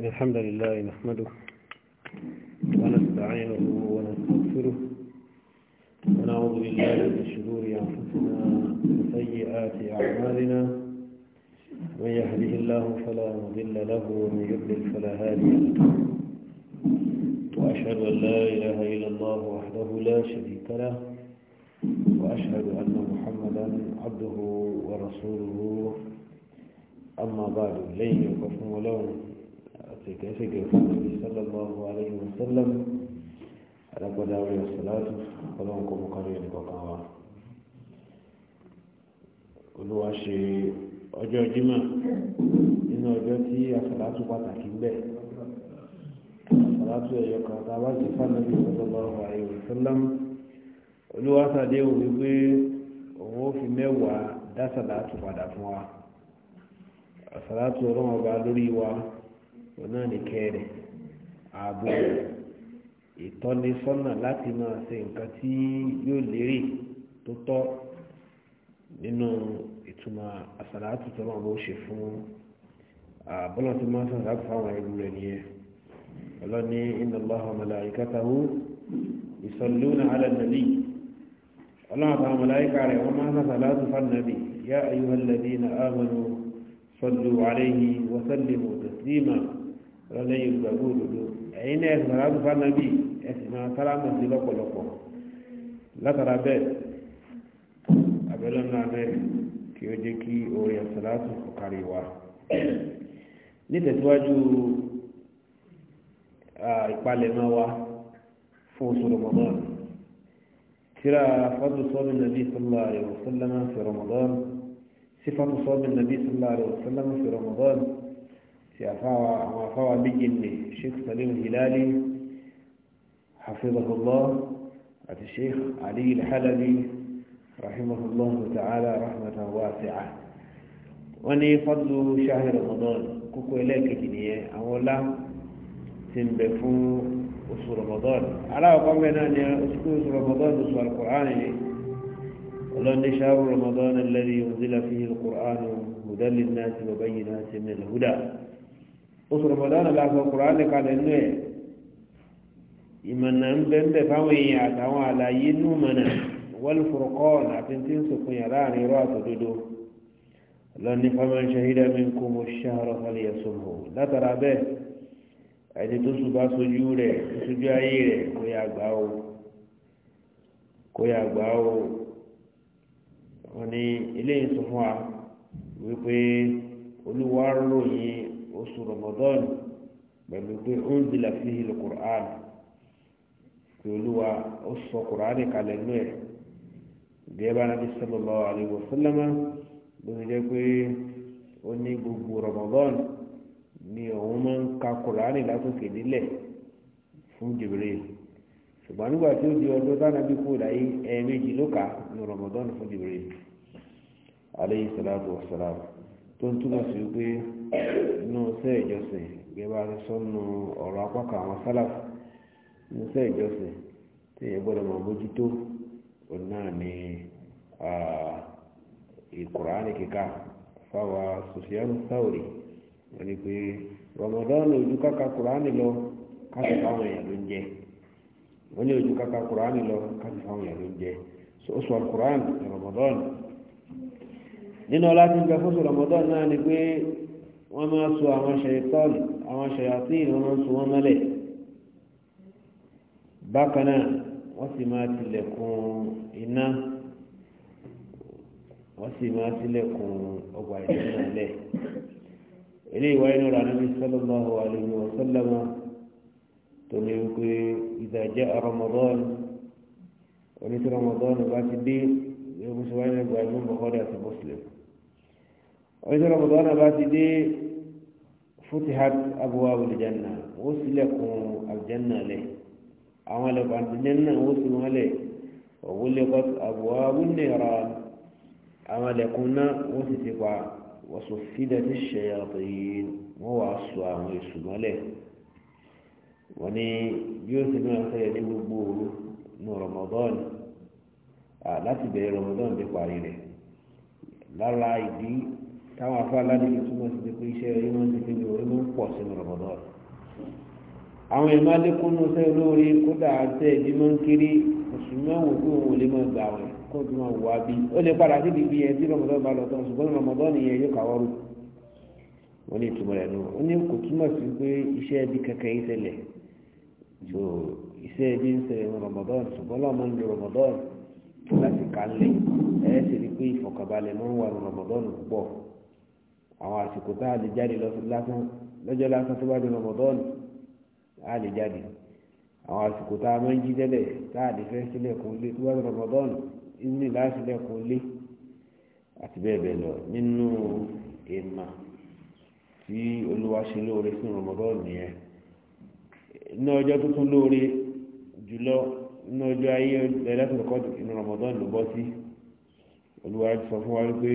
إن الحمد لله نحمده ونستعينه ونستغفره ونعوذ بالله من شرور أنفسنا وسيئات أعمالنا من يهده الله فلا مضل له ومن يضلل فلا هادي له وأشهد أن لا إله إلا الله وحده لا شريك له وأشهد أن محمدا عبده ورسوله أما بعد لن يقفهم لهم ṣègẹ́ṣègẹ́ fún mi sallallahu alaihi wasallam alágbádá orí ọ̀sọ̀láàtù ọlọ́run kò mú kárí ẹnì kọ̀ọ̀kan wa olúwa ṣe ọjọ́ jimá nínú ọjọ́ tí asàlátù pàtàkì bẹ̀ asàlátù ẹ̀yọ kan tá a bá ti fáwọn ẹbí sallallahu alaihi wasallam olúwa ṣàdéhùn wípé òun ó fi mẹ́wàá dá sàlátù wa ọ̀nà nìkẹ́ rẹ̀ ààbò rẹ̀ ìtọ́nisọ́nà láti máa ṣe nǹkan tí yóò lérè tó tọ́ nínú ìtumọ̀ àsàlátù tó máa bó ṣe fún àbọ́lọ̀ tó máa sọ̀rọ̀ láti fáwọn ẹrú rẹ̀ nìyẹn ọlọ́ni inna Allaha wa malaikatahu yusalluna ala nabi ọlọ́run àtàwọn màláíkà rẹ̀ wọ́n máa sàlátù fánàbí ya ayyuhal ladina amanu sallu alayhi wa sallimu taslima lọ́lẹ́yìn ìgbàgbọ́ òdodo ẹ̀yin náà ẹ̀sìn aráàlú fanabi ẹ̀sìn máa sálámà sí lọ́pọ̀lọpọ̀ látara bẹ́ẹ̀ abẹ́lẹ́ náà bẹ́ẹ̀ kí ó jẹ́ kí orí àsàlátù ọ̀kárí wa nítẹ̀síwájú ìpalẹ̀mọ́ wa fún oṣù rọmọdán tíra fọ́tò sọ́ọ́bì nàbí sọ́lá àrẹ̀wò sọ́lámà sí rọmọdán sí fọ́tò sọ́ọ́bì nàbí sọ́lá àrẹ̀wò sọ́lámà sí rọmọdán الشيخ سليم الهلالي حفظه الله الشيخ علي الحلبي رحمه الله تعالى رحمة واسعة وني فضل شهر رمضان كوكو إليك جنية أولا سنبفو أسو رمضان على قمنا أن أسكو أسو رمضان أسو القرآن الله شهر رمضان الذي ينزل فيه القرآن هدى للناس وبينات من الهدى oṣù rọmọdánù la sọ kùránì kalẹ̀ nínú ẹ̀ ìmọ̀nà ń bẹ́ ń bẹ̀ fáwọn èèyàn àtàwọn àlàyé nù mọ̀nà wọ́n furukọ́ọ̀nù àti tí ń sòkun yàrá àrin irọ́ àtòdodo lọ́ni faman shahida minkum ash-shahra falyasumhu látara bẹ́ẹ̀ ẹni tó sùn bá sojú rẹ̀ ayé rẹ̀ kó yà gbà ó kó yà gbà ó wọ́n ní eléyìí sọ fún wa wípé olúwa ròyìn oṣù Ramadan pẹ̀lú pé ó ń bila fihi alukur'an pé sọ kur'an kalẹ̀ alaihi wa sallama gbogbo Ramadan ni òun ka kur'an látòkè nílẹ̀ Jibril ṣùgbọ́n nígbà tí ó di ọdún tánàbí kú láyé ẹ̀ẹ̀mejì ló kà ní Ramadan fún Jibril alayhi salatu tó ń túmọ̀ sí pé inú iṣẹ́ ìjọsìn ìgbẹ́bà ti sọ́nu ọ̀rọ̀ apákà àwọn sálàfù inú iṣẹ́ ìjọsìn tí èèyàn gbọ́dọ̀ mọ̀ mójútó òun náà ni ìkùránì kíkà fáwa Sufyan Thawri wọ́n ní pé Ramadan ojú kàkà kùránì lọ káfí fáwọn èèyàn ló ń jẹ wọ́n ní ojú kàkà kùránì lọ káfí fáwọn èèyàn ló ń jẹ oṣù alukùránì Ramadan nínú ọlá tí ń bẹ fún Ramadan náà ni pé wọ́n máa so àwọn ṣèyítọ́ọ̀nù àwọn ṣèyàtìn wọ́n máa so wọ́n mọ́lẹ̀ bákan náà wọ́n sì máa tilẹ̀kùn iná wọ́n sì máa tilẹ̀kùn ọgbà ìdílé lẹ̀ eléyìí wáyé nínú Ànábì sallallahu alaihi wa sallam tó ní wípé idha ja'a Ramadan onítìrọmọdọ́nù bá ti dé ewu sọ wáyé nígbà ìlú Bukhari àti ọjọ́ rọmọdọ́nà bá ti dé futihat abwaab aljanna ó ṣílẹ̀kùn aljanna lẹ̀ àwọn ẹlẹ́kùn aljanna ó sì wọ́n lẹ̀ ọ̀wọ́lẹ́kọ̀t abwaabu nira àwọn ẹlẹ́kùn náà ó sì ti pa wọ́sọ fídà ti shayatin wọ́n wàá sọ àwọn èṣù mọ́lẹ̀ wọ́n ní bí ó ti máa fẹ́ ní gbogbo ní rọmọdọ́nà láti bẹ̀rẹ̀ rọmọdọ́nà bí parí rẹ̀ lára ìdí táwọn afọ aládìyẹ túmọ̀ sí pé iṣẹ́ orí wọn ti kéde orí wọn pọ̀ sínú rọ̀bọ̀dọ̀ àwọn èèyàn máa lékúnnú sẹ́ olóore kódà tẹ́ ẹbí máa ń kiri oṣù mẹ́wọ̀n pé òun ò lè máa gbà wẹ̀ kó tó máa wà bí ó lè padà sí ibi yẹn tí rọ̀bọ̀dọ̀ bá lọ tán ṣùgbọ́n rọ̀bọ̀dọ̀ nìyẹn yóò kàwọ́ rú wọ́n ní ìtumọ̀ rẹ̀ nù ó ní kò túmọ̀ sí pé iṣẹ́ ẹbí kankan yìí ṣẹlẹ̀ so iṣẹ́ ẹbí ń ṣẹlẹ̀ pé ìfọ̀kànbalẹ̀ máa ń wà rọ̀bọ̀dọ̀ púpọ̀ àwọn àsìkò tá a lè jáde lásán lọ́jọ́ lásán tó bá di rọmọdọ́ọ̀nù a lè jáde àwọn àsìkò tá a máa ń jí tẹ́lẹ̀ tá a lè fẹ́ sílẹ̀kùn lé tó bá di rọmọdọ́ọ̀nù ìní láṣílẹ̀kùn lé àti bẹ́ẹ̀ bẹ́ẹ̀ lọ nínú ìmà tí olúwa ṣe lóore fún rọmọdọ́ọ̀nù yẹn ní ọjọ́ tó lóore jùlọ ní ọjọ́ ayé ẹlẹ́sìn kọ́ọ̀tù inú bọ́ sí olúwa sọ fún wa wípé.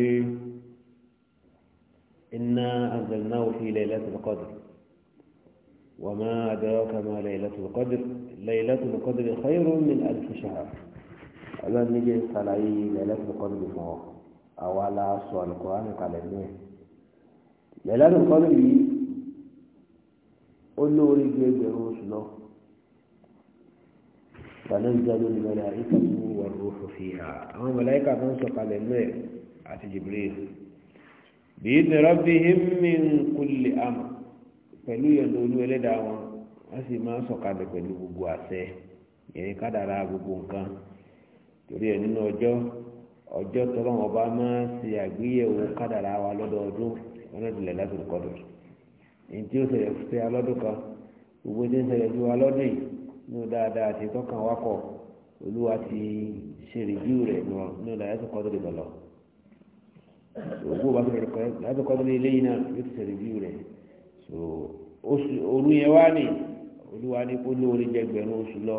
إنا أنزلناه في ليلة القدر وما أدراك ما ليلة القدر ليلة القدر خير من ألف شهر ألا نجي صلعي ليلة القدر ما أو على سوى القرآن قال إنه ليلة القدر قل له رجي بروس له فننزل الملائكة والروح فيها أما ملائكة تنسق على الماء عتي جبريل bíyìí rabbihim min kulli amr pẹ̀lú yọ̀ǹda olú ẹlẹ́dàá wọn wọ́n sì máa ń sọ̀kalẹ̀ pẹ̀lú gbogbo àṣẹ yẹn kádàrá gbogbo nǹkan torí ẹ̀ nínú ọjọ́ ọjọ́ tọ́lọ́wọ́n bá máa ń ṣe àgbéyẹ̀wò kádàrá wa lọ́dọọdún wọn lọ́dúnlẹ̀ láti kọ́dọ̀ èyí tí ó ṣẹlẹ̀ fún wa lọ́dún kan gbogbo tí ń ṣẹlẹ̀ fún wa lọ́dún yìí ní o dáadáa àti tọ́kàn wakọ̀ olúwa ti ṣèrìjú rẹ̀ nù ọ́ ní o dáadáa tó kọ́dọ̀ lọ́ ògbó bá bẹ̀rẹ̀ kọ́ láti kọ́ lórí eléyìí náà yóò ti tẹ̀lé bíu rẹ̀ so olú yẹn wá ní olúwa ní kó lóore jẹ gbẹ̀rún oṣù lọ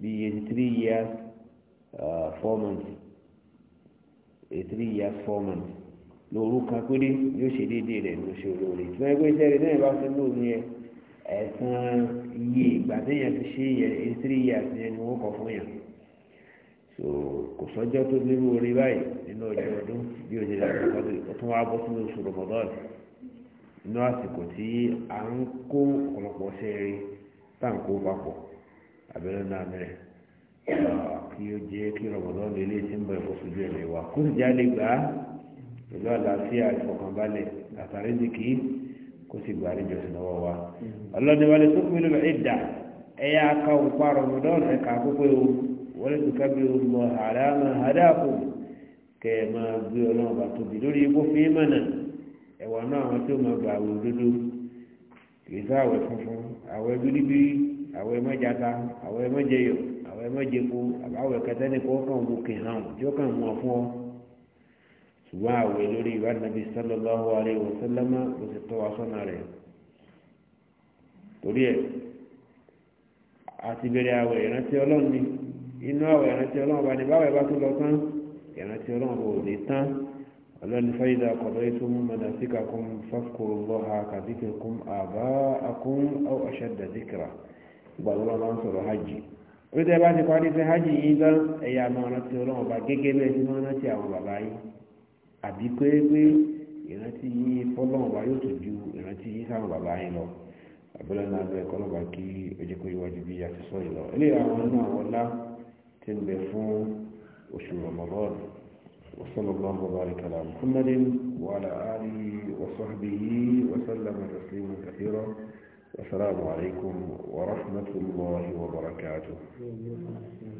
bí eighty three years uh, four months eighty three years four months lóru kan péré yóò ṣe déédéé rẹ̀ ló ṣe olóore tí wọ́n gbé iṣẹ́ rẹ̀ náà bá fẹ́ lóòrùn yẹn ẹ̀sán iye ìgbà téèyàn ti ṣe yẹn eighty three years yẹn ni wọ́n kọ fún yàn. so kò sọ́jọ́ tó lérú orí báyìí nínú ọjọ́ ọdún bí o ṣe lè rà kọ́tù bọ́ sínú oṣù rọmọdọ́ọ̀nù nínú àsìkò tí à ń kó ọ̀pọ̀lọpọ̀ sẹ́ẹ̀rí tá à papọ̀ abẹ́rẹ́ náà mẹ́rẹ̀ kí jẹ́ kí ń bọ̀ ẹ̀kọ́ ẹ̀mí wa kó sì jáde gbà á pẹ̀lú àlàáfíà ìfọkànbalẹ̀ àtàrí zikì kó sì gbà àlejò sí wọ́n lè dùkà bí ọmọ àràmà àdáàkù kẹ ẹ máa gbé ọlọ́run bá tóbi lórí ikú fún yín mọ̀nà ẹ̀wà náà àwọn tí ó máa gbà wò dúdú kìí sọ àwẹ̀ funfun àwẹ̀ bíríbírí àwẹ̀ mọ́jàta àwẹ̀ mọ́jẹyọ àwẹ̀ mọ́jẹko àbáwẹ̀ kẹtẹ́nìkọ́ kàn wò kì hàn tí ó kàn mú ọ fún ọ. ṣùgbọ́n àwẹ̀ lórí ìwà nàbí sallallahu alaihi wasallam ló ti tọ́ wa sọ́nà rẹ̀ torí ẹ̀ àti bẹ̀rẹ̀ àwẹ̀ ìrántí ọlọ́run ni inú àwọ̀ ìrántí ọlọ́run bá ní báwẹ̀ bá tó lọ tán ìrántí ọlọ́run bò lè tán ọlọ́ni fáyidà kọ̀dọ̀ yìí tó mú mọ̀nà síkà kún fáfkòrò lọ́ha kàdíkì kún àbá akún ọ̀ ọ̀ṣẹ́dà díkìrà ìgbà tó lọ́wọ́ ń sọ̀rọ̀ hajj ó tẹ́ bá ti parí sí hajj yìí tán ẹ̀yà máa rántí ọlọ́run bá gẹ́gẹ́ bẹ́ẹ̀ sí máa rántí àwọn bàbá yìí àbí pé ìrántí yìí fọ́lọ́run bá yóò tó ju ìrántí yìí sáwọn bàbá yìí lọ àbúlẹ̀ náà lọ ẹ̀kọ́ lọ́ba kí ó pé iwájú bí a ti sọ eléyàwó náà wọlá سن ń bẹ رمضان وصلى الله وبارك على محمد وعلى آله وصحبه وسلم تسليما كثيرا والسلام عليكم ورحمة الله وبركاته